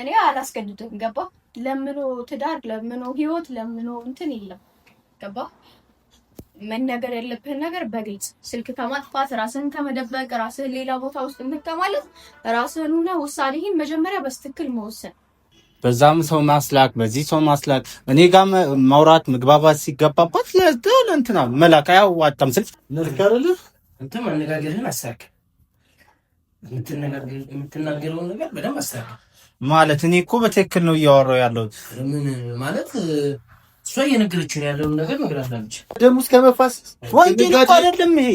እኔ አላስገድድም። ገባ ለምኖ ትዳር ለምኖ ህይወት ለምኖ እንትን የለም። ገባ መነገር ያለብህን ነገር በግልጽ ስልክ ከማጥፋት ራስህን ከመደበቅ ራስህን ሌላ ቦታ ውስጥ ከማለት ራስህን ሆነ ውሳኔህን መጀመሪያ በስትክክል መወሰን በዛም ሰው ማስላክ በዚህ ሰው ማስላክ እኔ ጋር ማውራት መግባባት ሲገባባት ለእንትና መላክ አያዋጣም። ስልክ መልክ እንትን መነጋገርህን አሳክ የምትናገረውን ነገር በደንብ አስተካክል። ማለት እኔ እኮ በትክክል ነው እያወራው ያለሁት። ምን ማለት እሷ እየነገረችን ያለውን ነገር ነገር አላለች። ደም ውስጥ ከመፋስ ወንጀል እኮ አይደለም ይሄ።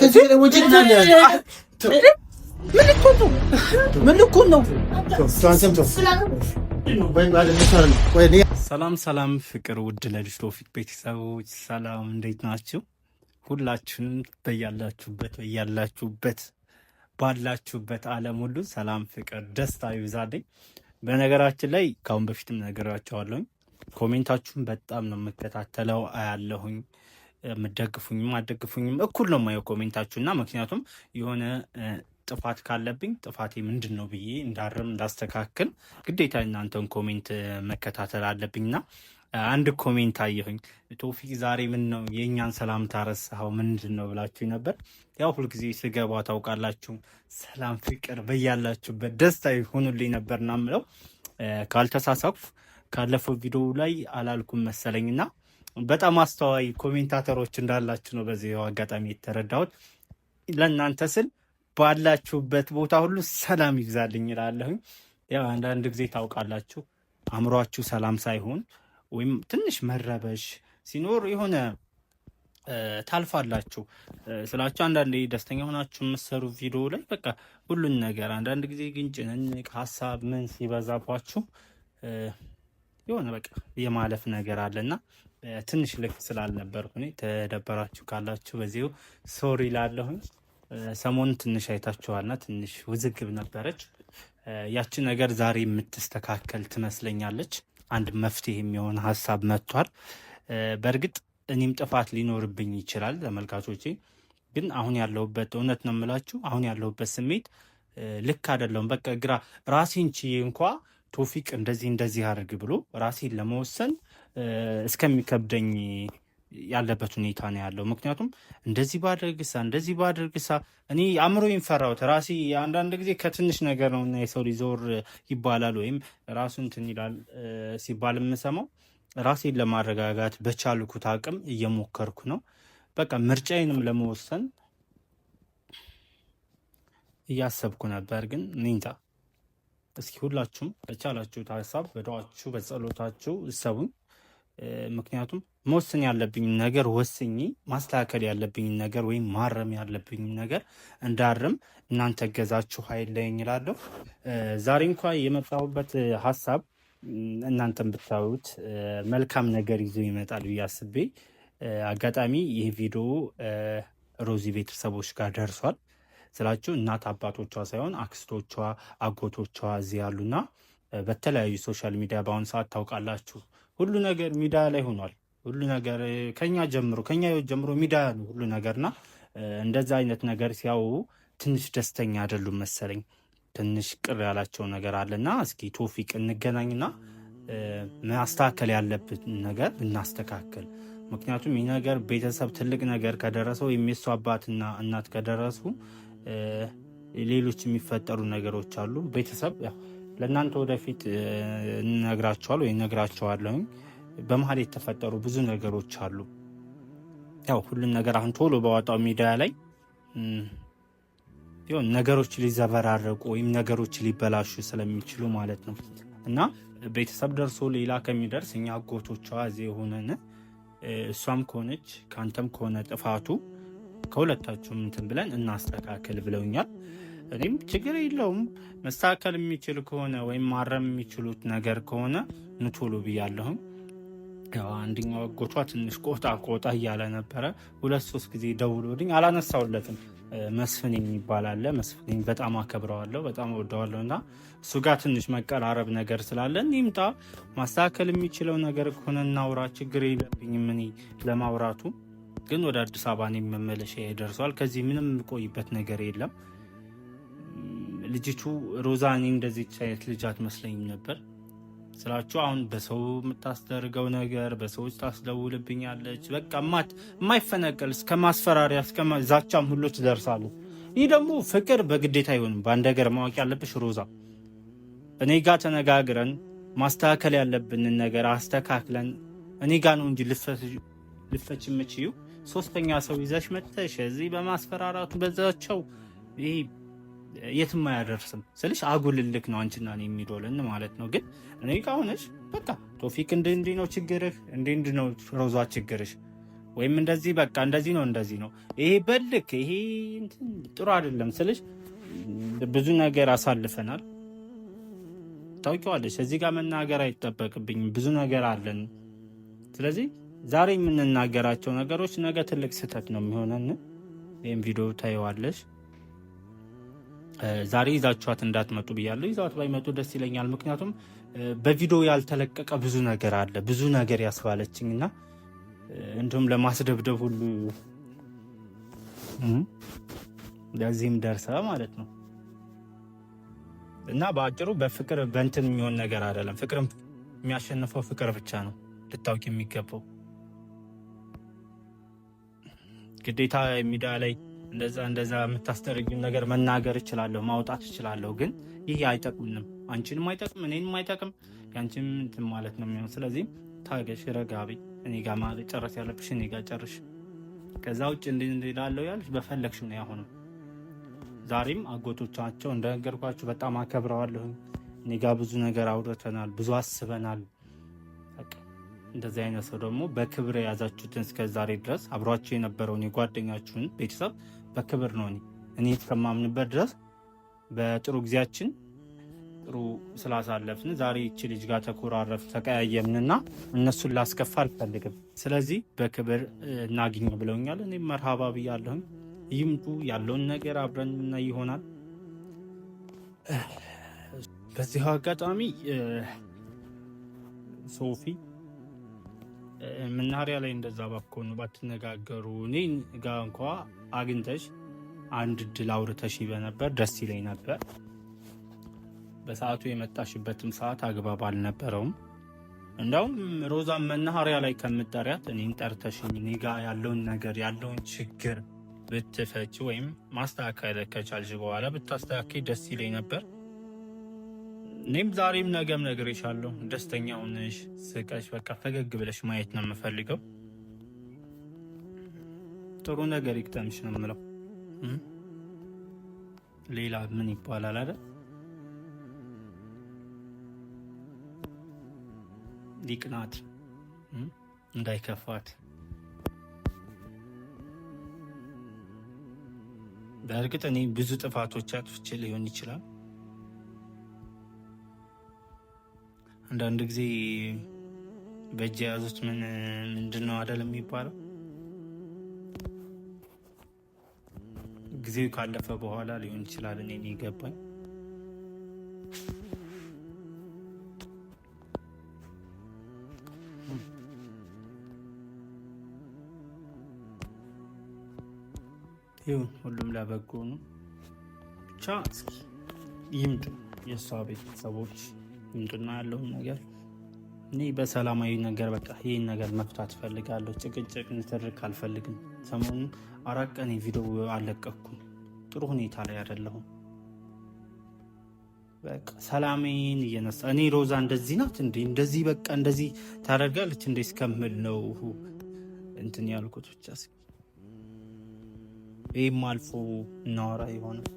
ከዚህ ደግሞ ወንጀል ምን እኮ ነው? ሰላም ሰላም፣ ፍቅር ውድ ለልጅ ቶፊቅ ቤተሰቦች ሰላም፣ እንዴት ናችሁ? ሁላችሁንም በያላችሁበት በያላችሁበት ባላችሁበት ዓለም ሁሉ ሰላም፣ ፍቅር፣ ደስታ ይብዛልኝ። በነገራችን ላይ ከአሁን በፊትም ነገራቸዋለሁኝ ኮሜንታችሁን በጣም ነው የምከታተለው አያለሁኝ። የምደግፉኝም አደግፉኝም እኩል ነው የማየው ኮሜንታችሁና ምክንያቱም የሆነ ጥፋት ካለብኝ ጥፋቴ ምንድን ነው ብዬ እንዳርም እንዳስተካክል ግዴታ እናንተን ኮሜንት መከታተል አለብኝና አንድ ኮሜንት አየሁኝ። ቶፊቅ ዛሬ ምን ነው የእኛን ሰላምታ ረሳኸው ምንድን ነው ብላችሁ ነበር። ያው ሁልጊዜ ስገባ ታውቃላችሁ፣ ሰላም ፍቅር በያላችሁበት ደስታ ይሆኑልኝ ነበር ና ምለው ካልተሳሳኩ ካለፈው ቪዲዮ ላይ አላልኩም መሰለኝ እና በጣም አስተዋይ ኮሜንታተሮች እንዳላችሁ ነው በዚህ አጋጣሚ የተረዳሁት። ለእናንተ ስል ባላችሁበት ቦታ ሁሉ ሰላም ይብዛልኝ ይላለሁኝ። ያው አንዳንድ ጊዜ ታውቃላችሁ አእምሯችሁ ሰላም ሳይሆን ወይም ትንሽ መረበሽ ሲኖር የሆነ ታልፋላችሁ ስላችሁ አንዳንዴ ደስተኛ ሆናችሁ የምትሰሩ ቪዲዮ ላይ በቃ ሁሉን ነገር አንዳንድ ጊዜ ግን ጭንቅ ሀሳብ ምን ሲበዛባችሁ የሆነ በቃ የማለፍ ነገር አለና ትንሽ ልክ ስላልነበርኩ እኔ ተደበራችሁ ካላችሁ በዚሁ ሶሪ ላለሁኝ። ሰሞኑን ትንሽ አይታችኋልና ትንሽ ውዝግብ ነበረች። ያችን ነገር ዛሬ የምትስተካከል ትመስለኛለች። አንድ መፍትሄ የሚሆን ሀሳብ መጥቷል። በእርግጥ እኔም ጥፋት ሊኖርብኝ ይችላል ተመልካቾቼ፣ ግን አሁን ያለሁበት እውነት ነው የምላችሁ፣ አሁን ያለሁበት ስሜት ልክ አይደለሁም። በቃ ግራ ራሴን ችዬ እንኳ ቶፊቅ እንደዚህ እንደዚህ አድርግ ብሎ ራሴን ለመወሰን እስከሚከብደኝ ያለበት ሁኔታ ነው ያለው። ምክንያቱም እንደዚህ ባደርግሳ እንደዚህ ባደርግሳ እኔ አእምሮ ይንፈራውት ራሴ። አንዳንድ ጊዜ ከትንሽ ነገር ነው እና የሰው ሊዞር ይባላል ወይም ራሱ እንትን ይላል ሲባል የምሰማው ራሴን ለማረጋጋት በቻልኩት አቅም እየሞከርኩ ነው። በቃ ምርጫዬንም ለመወሰን እያሰብኩ ነበር፣ ግን ኒንታ እስኪ ሁላችሁም በቻላችሁት ሀሳብ በደዋችሁ በጸሎታችሁ እሰቡኝ። ምክንያቱም መወሰን ያለብኝ ነገር ወስኝ ማስተካከል ያለብኝ ነገር ወይም ማረም ያለብኝ ነገር እንዳርም እናንተ እገዛችሁ አይለኝ እላለሁ። ዛሬ እንኳ የመጣሁበት ሀሳብ እናንተን ብታዩት መልካም ነገር ይዞ ይመጣል ብዬ አስቤ አጋጣሚ ይህ ቪዲዮ ሮዚ ቤተሰቦች ጋር ደርሷል ስላችሁ እናት አባቶቿ ሳይሆን አክስቶቿ፣ አጎቶቿ እዚህ ያሉና በተለያዩ ሶሻል ሚዲያ በአሁኑ ሰዓት ታውቃላችሁ ሁሉ ነገር ሚዳ ላይ ሆኗል። ሁሉ ነገር ከኛ ጀምሮ ከኛ ጀምሮ ሚዳ ነው ሁሉ ነገርና እንደዛ አይነት ነገር ሲያው ትንሽ ደስተኛ አይደሉም መሰለኝ። ትንሽ ቅር ያላቸው ነገር አለና እስኪ ቶፊቅ እንገናኝና ማስተካከል ያለብን ነገር እናስተካከል። ምክንያቱም ይህ ነገር ቤተሰብ ትልቅ ነገር ከደረሰው የሚሱ አባትና እናት ከደረሱ ሌሎች የሚፈጠሩ ነገሮች አሉ ቤተሰብ ለእናንተ ወደፊት እነግራቸዋል ወይ እነግራቸዋለሁኝ። በመሀል የተፈጠሩ ብዙ ነገሮች አሉ። ያው ሁሉም ነገር አሁን ቶሎ በወጣው ሚዲያ ላይ ይሁን ነገሮች ሊዘበራረቁ ወይም ነገሮች ሊበላሹ ስለሚችሉ ማለት ነው እና ቤተሰብ ደርሶ ሌላ ከሚደርስ እኛ አጎቶቿ እዚህ የሆነን እሷም ከሆነች ከአንተም ከሆነ ጥፋቱ ከሁለታችሁም እንትን ብለን እናስተካክል ብለውኛል። እኔም ችግር የለውም። መስተካከል የሚችል ከሆነ ወይም ማረም የሚችሉት ነገር ከሆነ ንቶሎ ብያለሁም። አንደኛው አጎቷ ትንሽ ቆጣ ቆጣ እያለ ነበረ። ሁለት ሶስት ጊዜ ደውሎልኝ አላነሳውለትም። መስፍን የሚባል አለ። መስፍን በጣም አከብረዋለሁ፣ በጣም ወደዋለሁ እና እሱ ጋር ትንሽ መቀራረብ ነገር ስላለ ይምጣ፣ ማስተካከል የሚችለው ነገር ከሆነ እናውራ። ችግር የለብኝም እኔ ለማውራቱ። ግን ወደ አዲስ አበባ እኔም መመለሻ ደርሰዋል። ከዚህ ምንም የምቆይበት ነገር የለም። ልጅቱ ሮዛ እኔ እንደዚህ አይነት ልጅ አትመስለኝም ነበር ስላችሁ አሁን በሰው የምታስደርገው ነገር በሰዎች ታስደውልብኛለች፣ በቃ የማይፈነቀል እስከ ማስፈራሪያ እስከ ዛቻም ሁሎች ደርሳሉ። ይህ ደግሞ ፍቅር በግዴታ አይሆንም። በአንድ ነገር ማወቅ ያለብሽ ሮዛ፣ እኔ ጋር ተነጋግረን ማስተካከል ያለብንን ነገር አስተካክለን እኔ ጋ ነው እንጂ ልፈች የምችዩ ሶስተኛ ሰው ይዘሽ መጥተሽ እዚህ በማስፈራራቱ በዛቸው ይሄ የትም አያደርስም ስልሽ አጉል ልክ ነው አንቺና እኔ የሚዶልን ማለት ነው። ግን እኔ ከሆነሽ በቃ ቶፊክ እንዲህ እንዲህ ነው ችግርህ፣ እንዲህ እንዲህ ነው ሮዛ ችግርሽ፣ ወይም እንደዚህ በቃ እንደዚህ ነው እንደዚህ ነው ይሄ በልክ ይሄ ጥሩ አይደለም ስልሽ ብዙ ነገር አሳልፈናል ታውቂዋለሽ። እዚህ ጋር መናገር አይጠበቅብኝም። ብዙ ነገር አለን። ስለዚህ ዛሬ የምንናገራቸው ነገሮች ነገ ትልቅ ስህተት ነው የሚሆነን። ይህም ቪዲዮ ታየዋለሽ። ዛሬ ይዛችኋት እንዳትመጡ ብያለሁ። ይዛት ባይመጡ ደስ ይለኛል። ምክንያቱም በቪዲዮ ያልተለቀቀ ብዙ ነገር አለ። ብዙ ነገር ያስባለችኝ እና እንዲሁም ለማስደብደብ ሁሉ ለዚህም ደርሰ ማለት ነው እና በአጭሩ በፍቅር በእንትን የሚሆን ነገር አይደለም። ፍቅርም የሚያሸንፈው ፍቅር ብቻ ነው ልታውቅ የሚገባው ግዴታ የሚዲያ ላይ እንደዛ እንደዛ የምታስደርጊውን ነገር መናገር እችላለሁ፣ ማውጣት እችላለሁ። ግን ይህ አይጠቅምንም፣ አንቺንም አይጠቅም፣ እኔንም አይጠቅም። ያንቺም እንትን ማለት ነው የሚሆን። ስለዚህ ታገሽ፣ ረጋቢ። እኔ ጋ ጨረስ ያለብሽ እኔ ጋ ጨርሽ። ከዛ ውጭ እንዲላለው ያለሽ በፈለግሽ ነው። ያሁኑ ዛሬም አጎቶቻቸው እንደነገርኳቸው በጣም አከብረዋለሁ እኔ ጋ ብዙ ነገር አውርተናል፣ ብዙ አስበናል። እንደዚህ አይነት ሰው ደግሞ በክብር የያዛችሁትን እስከዛሬ ድረስ አብሯቸው የነበረውን የጓደኛችሁን ቤተሰብ በክብር ነው። እኔ እስከማምንበት ድረስ በጥሩ ጊዜያችን ጥሩ ስላሳለፍን ዛሬ ይቺ ልጅ ጋር ተኮራረፍ ተቀያየምንና እነሱን ላስከፋ አልፈልግም። ስለዚህ በክብር እናግኝ ብለውኛል። እኔ መርሃባ ብያለሁኝ። ይምጡ ያለውን ነገር አብረን እና ይሆናል። በዚሁ አጋጣሚ ሶፊ መናኸሪያ ላይ እንደዛ ባኮኑ ባትነጋገሩ እኔ ጋ እንኳ አግኝተሽ አንድ ድል አውርተሽ በነበር ደስ ይለኝ ነበር። በሰዓቱ የመጣሽበትም ሰዓት አግባብ አልነበረውም። እንደውም ሮዛን መናኸሪያ ላይ ከምጠሪያት እኔን ጠርተሽኝ እኔ ጋ ያለውን ነገር ያለውን ችግር ብትፈች ወይም ማስተካከል ከቻልሽ በኋላ ብታስተካከል ደስ ይለኝ ነበር። እኔም ዛሬም ነገም ነግሬሻለሁ። ደስተኛ ሆነሽ ስቀሽ በቃ ፈገግ ብለሽ ማየት ነው የምፈልገው። ጥሩ ነገር ይግጠምሽ ነው የምለው። ሌላ ምን ይባላል አይደል? ሊቅናት እንዳይከፋት። በእርግጥ እኔ ብዙ ጥፋቶች አጥፍቼ ሊሆን ይችላል አንዳንድ ጊዜ በእጅ የያዙት ምን ምንድን ነው አደል የሚባለው ጊዜው ካለፈ በኋላ ሊሆን ይችላል። እኔ ይገባኝ ይሁን ሁሉም ለበጎ ነው። ብቻ እስኪ ይምጡ የእሷ ቤተሰቦች ምንድና ያለውን ነገር እኔ በሰላማዊ ነገር በቃ ይህን ነገር መፍታት ፈልጋለሁ። ጭቅጭቅ ንትርክ አልፈልግም። ሰሞኑን አራት ቀን ቪዲዮ አልለቀኩም። ጥሩ ሁኔታ ላይ አይደለሁም። በቃ ሰላሜን እየነሳ እኔ ሮዛ እንደዚህ ናት እንዴ እንደዚህ በቃ እንደዚህ ታደርጋለች እንዴ እስከምል ነው እንትን ያልኩት ብቻ ይህም አልፎ እናወራ ይሆናል።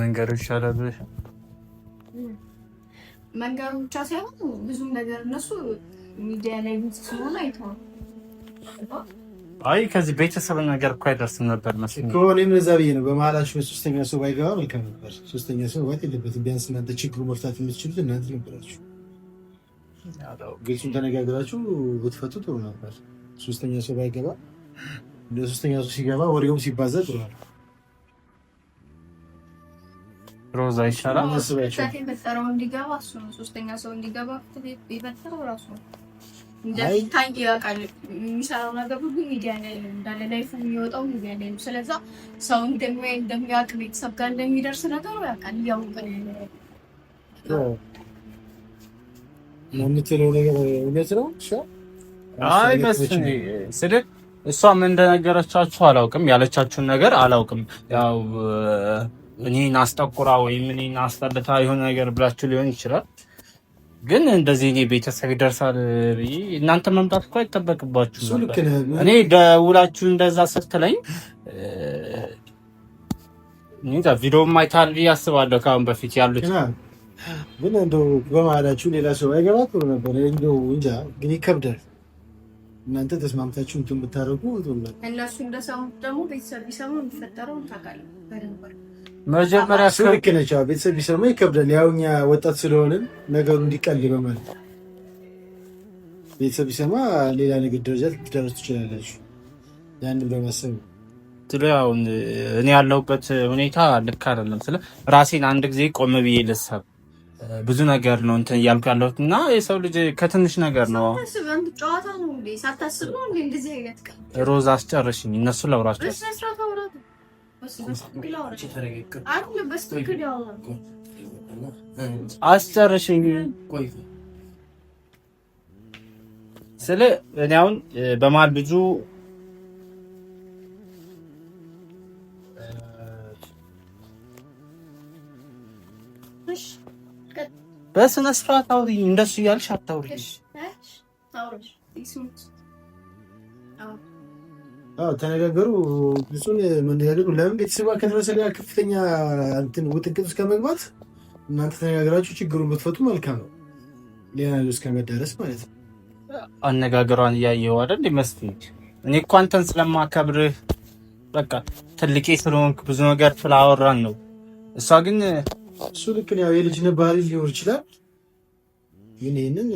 መንገዱ ይሻላል መንገዱ ብቻ ሳይሆን ብዙም ነገር እነሱ ሚዲያ ላይ ግልጽ ስለሆነ አይተዋል። አይ ከዚህ ቤተሰብ ነገር እኮ አይደርስም ነበር መስሎኝ እኮ እዛ ብዬ ነው። በመሀላችሁ ሶስተኛ ሰው ባይገባ መልካም ነበር። ሶስተኛ ሰው ባት የለበትም። ቢያንስ እናንተ ችግሩ መፍታት የምትችሉት እናንተ ነበራችሁ። ግልጹን ተነጋግራችሁ ብትፈቱ ጥሩ ነበር። ሶስተኛ ሰው ባይገባ፣ ሶስተኛ ሰው ሲገባ ወሬውም ሲባዛ ጥሩ ነበር። ሮዛ ይሻላል። የፈጠረው እንዲገባ እሱ ነው። ሶስተኛ ሰው እንዲገባ የፈጠረው ራሱ ነው። እንደሚታይ ሚዲያ ስለዛ ሰው እንደሚያይ እንደሚደርስ ነገሩ ያውቃል። እሷ ምን እንደነገረቻችሁ አላውቅም። ያለቻችሁን ነገር አላውቅም ያው እኔ ናስጠቁራ ወይም እኔ አስጠልታ የሆነ ነገር ብላችሁ ሊሆን ይችላል። ግን እንደዚህ እኔ ቤተሰብ ይደርሳል ብዬ እናንተ መምጣት እኮ አይጠበቅባችሁ። እኔ ደውላችሁ እንደዛ ስትለኝ ቪዲዮም አይታል ብዬ አስባለሁ። ከአሁን በፊት ያሉት ግን እንደው በመሀላችሁ ሌላ ሰው አይገባ ጥሩ ነበር። እንደው እንጃ ግን ይከብዳል። እናንተ ተስማምታችሁ እንትን ብታደርጉ እነሱ እንደሰሙት ደግሞ ቤተሰብ ቢሰሙ የሚፈጠረው ታውቃለህ በደንብ መጀመሪያ ልክ ነች። ቤተሰብ ቢሰማ ይከብዳል። ያው እኛ ወጣት ስለሆንን ነገሩ እንዲቀል በማለት ቤተሰብ ቢሰማ ሌላ ነገር ደረጃ ልትደረስ ትችላለች። ያንን በማሰብ አሁን እኔ ያለሁበት ሁኔታ ልክ አይደለም። ስለ ራሴን አንድ ጊዜ ቆም ብዬ ልሰብ ብዙ ነገር ነው እንትን እያልኩ ያለሁት እና የሰው ልጅ ከትንሽ ነገር ነው ሮዝ አስጨርሽኝ እነሱ ለውራቸው አስጨርሽኝ ስለ እኔ አሁን በመሀል ብዙ በስነ ስርዓት አውሪኝ። እንደሱ እያልሽ አታውሪኝ። ተነጋገሩ እሱን መነጋገሩ ለምን ቤተሰባ ከደረሰ ጋር ከፍተኛ እንትን ውጥንቅጥ እስከ እናንተ ተነጋገራችሁ ችግሩን ብትፈቱ መልካም ነው። ሌላ እስከመዳረስ ማለት ነው። አነጋገሯን እያየው አይደል መስፍን፣ እኔ እኮ አንተን ስለማከብርህ በቃ ትልቄ ስለሆንክ ብዙ ነገር ስላወራን ነው። እሷ ግን እሱ ልክ ያው የልጅነት ባህሪ ሊኖር ይችላል። ግን ይህንን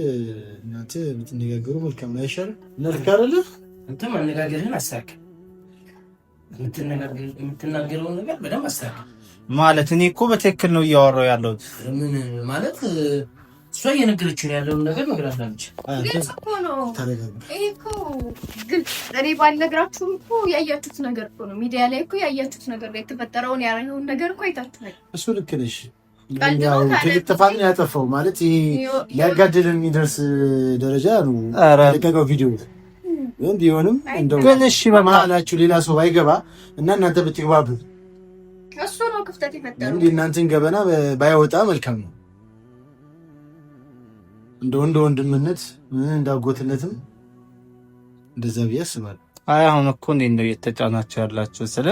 እናንተ ብትነጋገሩ መልካም አይሻልም? ነርካለህ እንትን አነጋገርህን አስተካክል። የምትናገረውን ነገር በደንብ አስተካክል። ማለት እኔ እኮ በትክክል ነው እያወራሁ ያለሁት። ምን ማለት እሷ እየነገረች ነው ያለውን ነገር ነግራላለች። እኔ ባልነግራችሁም እኮ ያያችሁት ነገር እኮ ነው። ሚዲያ ላይ እኮ ያያችሁት ነገር ላይ የተፈጠረውን ያረገውን ነገር እኮ አይታችኋል። እሱ ልክ ነሽ። ጥፋትን ያጠፋው ማለት ይሄ ሊያጋድል የሚደርስ ደረጃ ነው። ለቀቀው ቪዲዮ ቢሆንም እንደው ግን እሺ፣ በመሀላችሁ ሌላ ሰው ባይገባ እና እናንተ ብትግባቡ እሱ ነው ክፍተት የፈጠረው። እንዴ? እናንተን ገበና ባይወጣ መልካም ነው። እንደው እንደ ወንድምነት እንደ አጎትነትም እንደዛ ብዬ አስባለሁ። አይ አሁን እኮ እንዴት ነው የተጫናቸው ያላቸው ስለ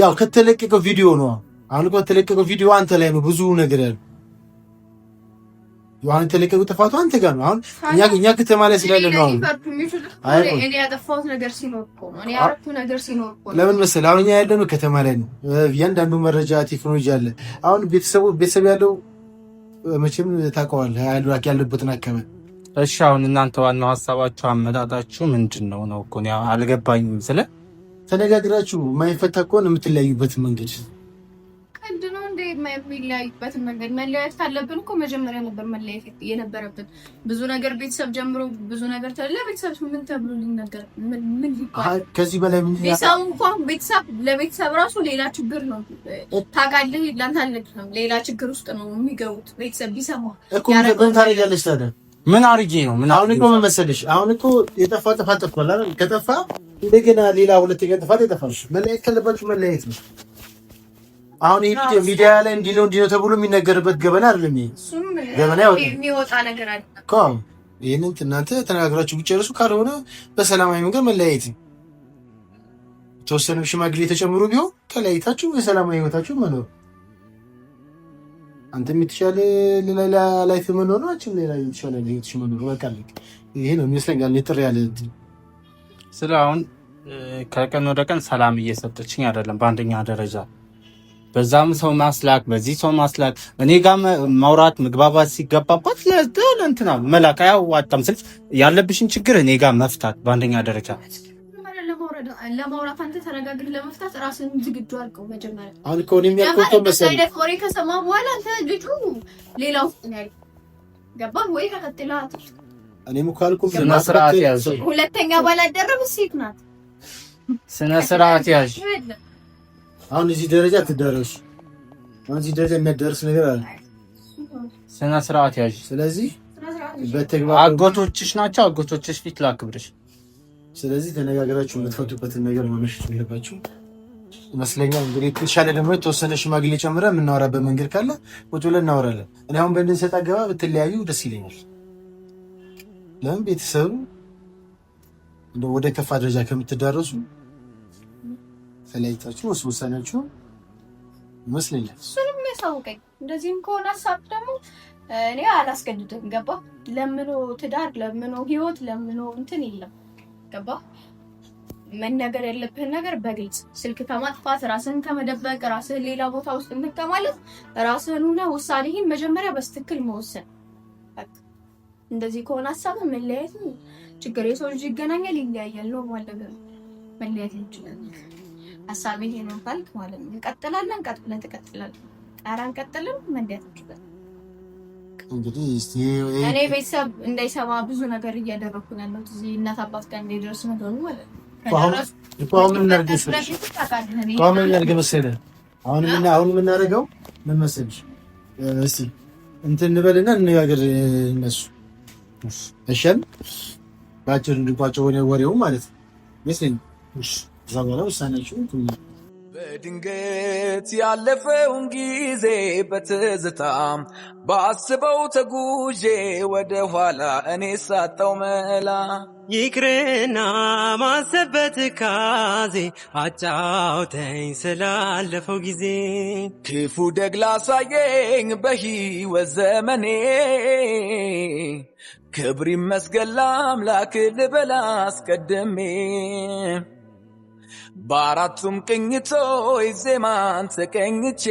ያው ከተለቀቀው ቪዲዮ ነው። አሁን እኮ ከተለቀቀው ቪዲዮ አንተ ላይ ነው ብዙ ነገር ያለው ዮሐን የተለቀቁ ጥፋቱ አንተ ጋር ነው። አሁን እኛ እኛ ከተማ ላይ ስላለ ነው። እኔ ያጠፋሁት ነገር ሲኖር እኮ እኔ ያደረኩት ነገር ሲኖር ለምን መሰለህ፣ አሁን እኛ ያለነው ከተማ ላይ ነው። እያንዳንዱ መረጃ ቴክኖሎጂ አለ። አሁን ቤተሰቡ ቤተሰብ ያለው መቼም ታውቀዋለህ ያለበትን አካባቢ። እሺ፣ አሁን እናንተ ዋናው ሀሳባችሁ አመጣጣችሁ ምንድን ነው ነው እኮ እኔ አልገባኝም። ስለ ተነጋግራችሁ ማይፈታ ከሆነ የምትለያዩበት መንገድ የሚለያዩበትን መንገድ መለያየት ካለብን እኮ መጀመሪያ ነበር መለያየት የነበረብን። ብዙ ነገር ቤተሰብ ጀምሮ ብዙ ነገር ተለ ቤተሰብ ምን ተብሎ ሊነገር ምን ይባል? ከዚህ በላይ ምን ቤተሰብ እንኳን ቤተሰብ ለቤተሰብ ራሱ ሌላ ችግር ነው ታውቃለህ። ላንታልክ ነው ሌላ ችግር ውስጥ ነው የሚገቡት። ቤተሰብ ቢሰማ እኮ ምን ታደርጊያለሽ ታዲያ? ምን አርጌ ነው? ምን አሁን እኮ መመሰልሽ አሁን እኮ የጠፋ ጥፋት ጠፍቷል አይደል? ከጠፋ እንደገና ሌላ ሁለተኛ ጥፋት ይጠፋል። መለያየት ካለባችሁ መለያየት ነው። አሁን ይሄ ሚዲያ ላይ እንዲህ ነው እንዲህ ነው ተብሎ የሚነገርበት ገበና አይደለም። ይሄ ገበና ያወጣ የሚወጣ ነገር አይደለም። ይሄንን እናንተ ተነጋግራችሁ ብጨርሱ፣ ካልሆነ በሰላማዊ መንገድ መለያየት የተወሰነ ሽማግሌ ተጨምሮ ቢሆን ተለያይታችሁ በሰላማዊ ህይወታችሁ መኖር አንተ የምትሻለ ሌላ ላይፍ መኖር ነው። አንቺም ሌላ የምትሻለ ህይወትሽ መኖር በቃ ይሄ ነው ይመስለኛል። ጥር ያለ ስለ አሁን ከቀን ወደ ቀን ሰላም እየሰጠችኝ አይደለም በአንደኛ ደረጃ በዛም ሰው ማስላክ፣ በዚህ ሰው ማስላክ፣ እኔ ጋር ማውራት መግባባት ሲገባባት ለደን እንትና መላክ አያዋጣም። ስልሽ ያለብሽን ችግር እኔ ጋር መፍታት በአንደኛ ደረጃ ለማውራት አንተ ተረጋግ ለመፍታት ራስን ዝግጁ አልከው። መጀመሪያ አልከውን የሚያቆጠው መሰለኝ ከሰማ በኋላ አንተ ልጁ ነው ያለው። ወይ? ስነ ስርዓት ሁለተኛ ባላደረብ ስነ ስርዓት አሁን እዚህ ደረጃ ትደረሱ። አሁን እዚህ ደረጃ የሚያደርስ ነገር አለ፣ ስነ ስርዓት ያዥ። ስለዚህ በተግባር አጎቶችሽ ናቸው፣ አጎቶችሽ ፊት ላክብርሽ። ስለዚህ ተነጋግራችሁ የምትፈቱበትን ነገር መመሸት ያለባችሁ ይመስለኛል። እንግዲህ ተሻለ ደግሞ የተወሰነ ሽማግሌ ጨምረ የምናወራበት መንገድ ካለ ቁጭ ብለን እናወራለን። እኔ አሁን በእንድንሰጥ አገባ ብትለያዩ ደስ ይለኛል። ለምን ቤተሰብ ወደ ከፋ ደረጃ ከምትዳረሱ ተለያይታችሁ ወሰናችሁ ይመስለኛል። እሱንም የሚያሳውቀኝ እንደዚህም ከሆነ ሀሳብ ደግሞ እኔ አላስገድድም። ገባ ለምኖ ትዳር ለምኖ ህይወት ለምኖ እንትን የለም። ገባ መነገር ያለብህን ነገር በግልጽ ስልክ ከማጥፋት ራስህን ከመደበቅ ራስህን ሌላ ቦታ ውስጥ እንከማለት ራስህን ሆነ ውሳኔህን መጀመሪያ በስትክል መወሰን። እንደዚህ ከሆነ ሀሳብ መለያየት ችግር የሰው ልጅ ይገናኛል፣ ይለያያል ነው ማለት ነው። መለያየት ይችላል። ሀሳብ ይሄ ነው ካልክ ማለት ነው እንቀጥላለን። ቀጥ ብለን ትቀጥላለን። ኧረ መንዲያት ይችላል እንግዲህ እስቲ እኔ ቤተሰብ እንዳይሰማ ብዙ ነገር እያደረኩ ነው ያለሁት እዚህ እናት አባት ጋር እንዳይደርስ ነገሩ ማለት ነው። አሁን የምናደርገው ምን መሰለሽ? እስቲ እንትን እንበልና እንነጋገር እነሱ እሺ፣ ባጭር እንድንቋጨው ወሬው ማለት ነው። ከዛ በኋላ በድንገት ያለፈውን ጊዜ በትዝታ ባስበው ተጉዤ ወደ ኋላ እኔ ሳጣው መላ ይቅርና ማሰበት ካዜ አጫውተኝ ስላለፈው ጊዜ ክፉ ደግላ ሳየኝ በሕይወት ዘመኔ ክብር ይመስገን ለአምላክ ልበላ አስቀድሜ በአራቱም ቅኝቶች ዜማን ተቀኝቼ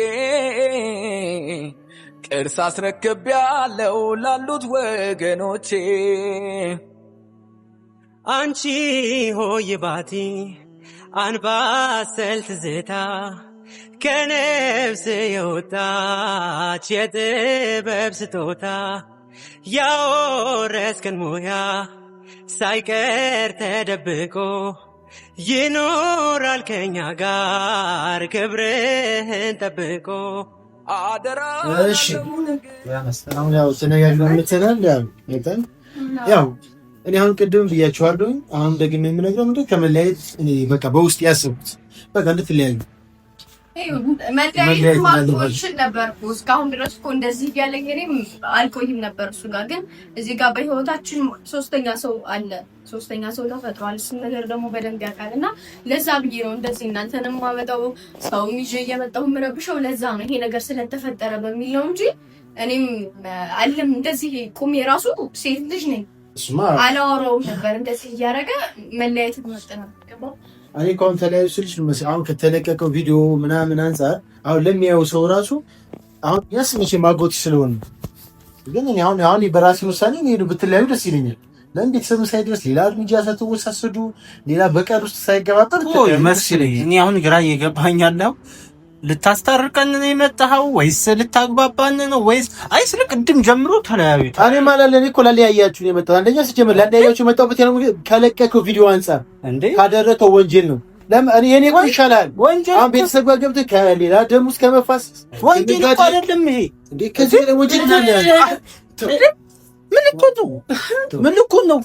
ቅርስ አስረክብ ላሉት ወገኖቼ አንቺ ሆይ ባቲ አንባሰል ትዝታ ከነፍስ የወጣች የጥበብ ስጦታ ያወረስክን ሙያ ሳይቀር ተደብቆ ይኖራል ከኛ ጋር ክብርህን ጠብቆ። እሺ አሁን ያው ተነጋግረን መተናል። ያው እኔ አሁን ቅድም ብያችኋለሁ። አሁን ደግሞ የምነግረው ምንድን ከመለያየት በቃ በውስጥ ያሰብኩት በቃ እንድትለያዩ መለያየት ማልቶችን ነበር እኮ እስካሁን ድረስ እኮ እንደዚህ እያለኝ እኔም አልቆይም ነበር እሱ ጋር። ግን እዚህ ጋር በህይወታችን ሶስተኛ ሰው አለ፣ ሶስተኛ ሰው ተፈጥሯል። እሱ ነገር ደግሞ በደንብ ያውቃል። እና ለዛ ብዬ ነው እንደዚህ እናንተንም ማመጣው ሰውም ይዤ እየመጣሁ የምረብሸው ለዛ ነው ይሄ ነገር ስለተፈጠረ በሚል ነው እንጂ እኔም አለም እንደዚህ ቁሜ ራሱ ሴት ልጅ ነኝ አላወራውም ነበር እንደዚህ እያደረገ መለያየት መጠ ነበር እኔ ከአሁን ተለያዩ ስልሽ መስ አሁን ከተለቀቀው ቪዲዮ ምናምን አንጻር አሁን ለሚያየው ሰው ራሱ አሁን ያስ መቼ ማጎት ስለሆነ ግን እኔ አሁን አሁን በራሴ ውሳኔ ሄዱ ብትለያዩ ደስ ይለኛል። ለምን ቤተሰብ ሳይደርስ ሌላ እርምጃ ሳትወሳሰዱ ሌላ በቀር ውስጥ ሳይገባጠር መስለኝ እኔ አሁን ግራ እየገባኛለው ልታስታርቀን ነው የመጣኸው ወይስ ልታግባባን ነው ወይስ አይስ? ቅድም ጀምሮ ተለያዩ። እኔ ማለት ለኔ እኮ ለለያያችሁ ነው የመጣሁት። አንደኛ ሲጀምር ለለያያችሁ የመጣሁበት ያለው ከለቀቀው ቪዲዮ አንጻር እንዴ ካደረከው ወንጀል ነው። ለምን እኔ እኔ እኮ ይሻላል ወንጀል አሁን ቤተሰብ ጋር ገብተህ ከሌላ ደም ውስጥ ከመፋስ ወንጀል እኮ አይደለም ይሄ እንዴ። ከዚህ ላይ ወንጀል ነው ያለው ምን እኮ ነው ምን እኮ ነው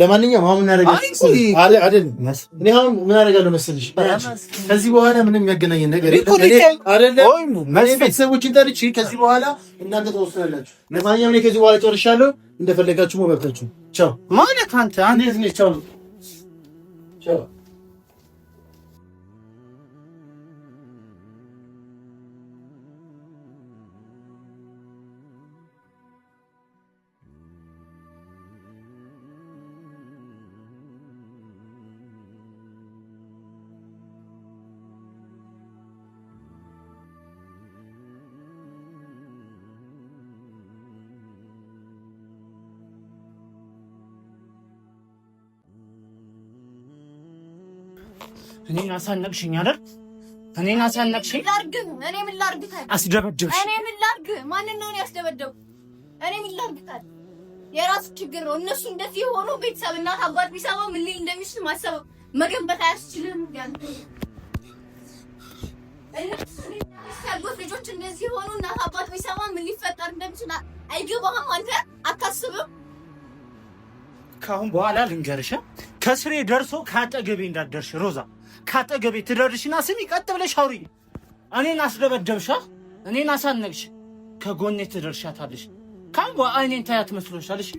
ለማንኛውም አሁን ምን አደርጋለሁ መሰለሽ፣ ከዚህ በኋላ ምንም የሚያገናኘን ነገር ቤተሰቦችን ጠርቼ ከዚህ በኋላ እናንተ ተወስናላችሁ። ለማንኛውም ከዚህ በኋላ ጨርሻለሁ። እንደፈለጋችሁ መብታችሁ። ቻው ማለት አንተ ቻው ቻው። እኔን አሳነቅሽኝ አይደል? እኔን አሳነቅሽኝ። ላርግ እኔ ምን ላርግ አስደበደብሽ። እኔ ምን ላርግ? ማንን ነው ያስደበደቡ? እኔ ምን ላርግ ታዲያ? ችግር ነው። እነሱ እንደዚህ የሆኑ ቤተሰብ እናት አባት ቢሰማ ምን ሊል እንደሚችል ማሰብ መገንበት አያስችልም። ያንተ ያሉት ልጆች እንደዚህ የሆኑ እናት አባት ቢሰማ ምን ሊፈጠር እንደሚችል አይገባህም። አንተ አታስብም። ከአሁን በኋላ ልንገርሽ፣ ከስሬ ደርሶ ከአጠገቤ እንዳትደርሽ ሮዛ ካጠገቤ ትደርሽና ስሚ፣ ቀጥ ብለሽ አውሪኝ። እኔን አስደበደብሻ፣ እኔን አሳነቅሽ። ከጎኔ ትደርሻታለሽ። ካምቧ አይኔን ታያት መስሎሻለሽ?